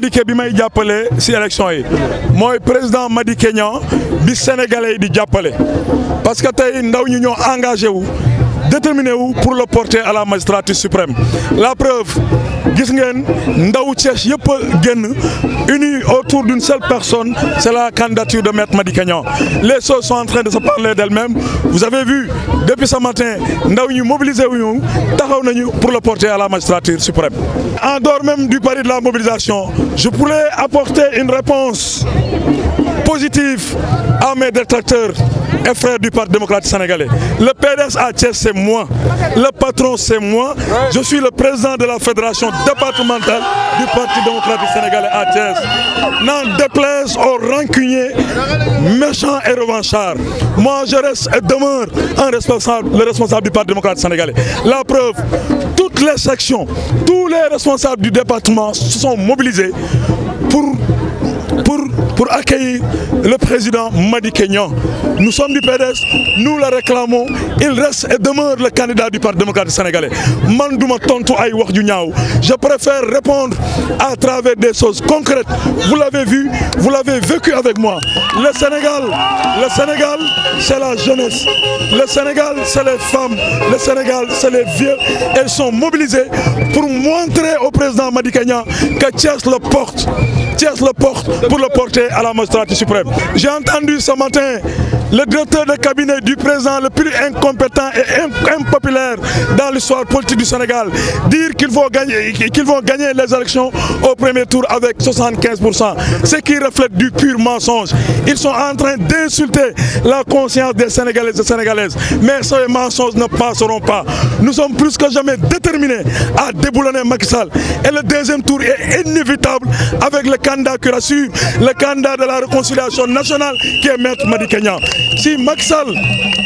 que Bimay may appelé si élection yi Moi, président dit que bi sénégalais yi di parce que nous ndaw une union engagé wu pour le porter à la magistrature suprême la preuve ndaw unis autour d'une seule personne c'est la candidature de Maître Madi les choses sont en train de se parler d'elles-mêmes vous avez vu depuis ce matin ndaw ñu mobilisé wuñu pour le porter à la magistrature suprême en dehors même du pari de la mobilisation je pourrais apporter une réponse positive à mes détracteurs et frère du Parti démocrate sénégalais. Le PDS c'est moi. Le patron, c'est moi. Je suis le président de la fédération départementale du Parti démocrate sénégalais à Thiès. N'en déplaise aux rancuniers, méchants et revanchards. Moi, je reste et demeure un responsable, le responsable du Parti démocrate sénégalais. La preuve, toutes les sections, tous les responsables du département se sont mobilisés pour pour, accueillir le président Madi Kenyan. Nous sommes du PDS, nous la réclamons, il reste et demeure le candidat du Parti démocrate sénégalais. Je préfère répondre à travers des choses concrètes. Vous l'avez vu, vous l'avez vécu avec moi. Le Sénégal, le Sénégal, c'est la jeunesse. Le Sénégal, c'est les femmes. Le Sénégal, c'est les vieux. Elles sont mobilisées pour montrer au président Madi Kenyan que Thiers le porte le porte pour le porter à la magistrature suprême. J'ai entendu ce matin le directeur de cabinet du président le plus incompétent et impopulaire dans l'histoire politique du Sénégal, dire qu'ils vont, gagner, vont gagner les élections au premier tour avec 75%, ce qui reflète du pur mensonge. Ils sont en train d'insulter la conscience des Sénégalais et Sénégalaises, mais ces mensonges ne passeront pas. Nous sommes plus que jamais déterminés à déboulonner Macky Sall et le deuxième tour est inévitable avec le candidat que la le candidat de la réconciliation nationale qui est Maître Madi si Maxal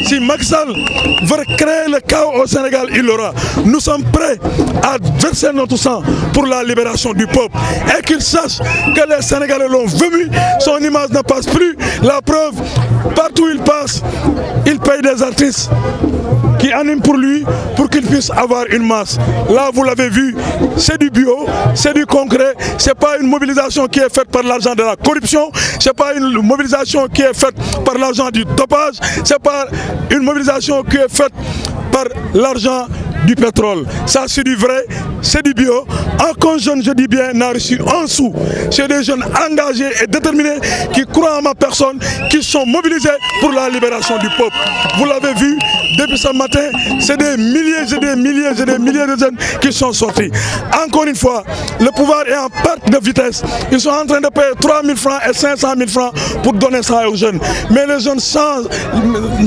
si veut créer le chaos au Sénégal, il l'aura. Nous sommes prêts à verser notre sang pour la libération du peuple. Et qu'il sache que les Sénégalais l'ont venu, son image ne passe plus. La preuve, partout où il passe, il paye des artistes qui anime pour lui, pour qu'il puisse avoir une masse. Là, vous l'avez vu, c'est du bio, c'est du concret, c'est pas une mobilisation qui est faite par l'argent de la corruption, c'est pas une mobilisation qui est faite par l'argent du dopage, c'est pas une mobilisation qui est faite par l'argent du pétrole. Ça, c'est du vrai, c'est du bio. Encore jeune, je dis bien, n'a reçu un sou. C'est des jeunes engagés et déterminés qui croient en ma personne, qui sont mobilisés pour la libération du peuple. Vous l'avez vu, depuis ce matin, c'est des milliers et des milliers et des milliers de jeunes qui sont sortis. Encore une fois, le pouvoir est en perte de vitesse. Ils sont en train de payer 3 000 francs et 500 000 francs pour donner ça aux jeunes. Mais les jeunes,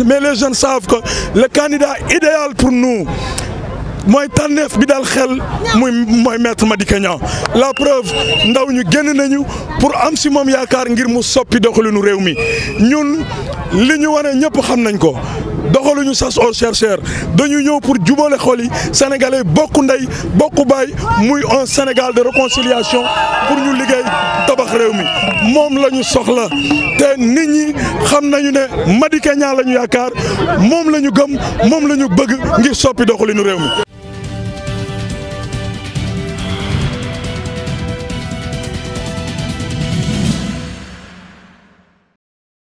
mais les jeunes savent que le candidat idéal pour nous, mooy tànneef bi daal xel muy mooy maître Madické la preuve ndaw ñu génn nañu pour am si moom yaakaar ngir mu soppi doxalinu réew mi ñun li ñu wane ñëpp xam nañ ko doxaluñu sas au chercheur dañu ñëw pour jubale xol yi sénégalais bokku ndey bokku baay muy un Sénégal de réconciliation pour ñu liggéey tabax réew mi moom lañu soxla te nit ñi xam nañu ne Madické Niang la ñu yaakaar moom la ñu gëm moom la ñu bëgg ngir soppi doxalinu réew mi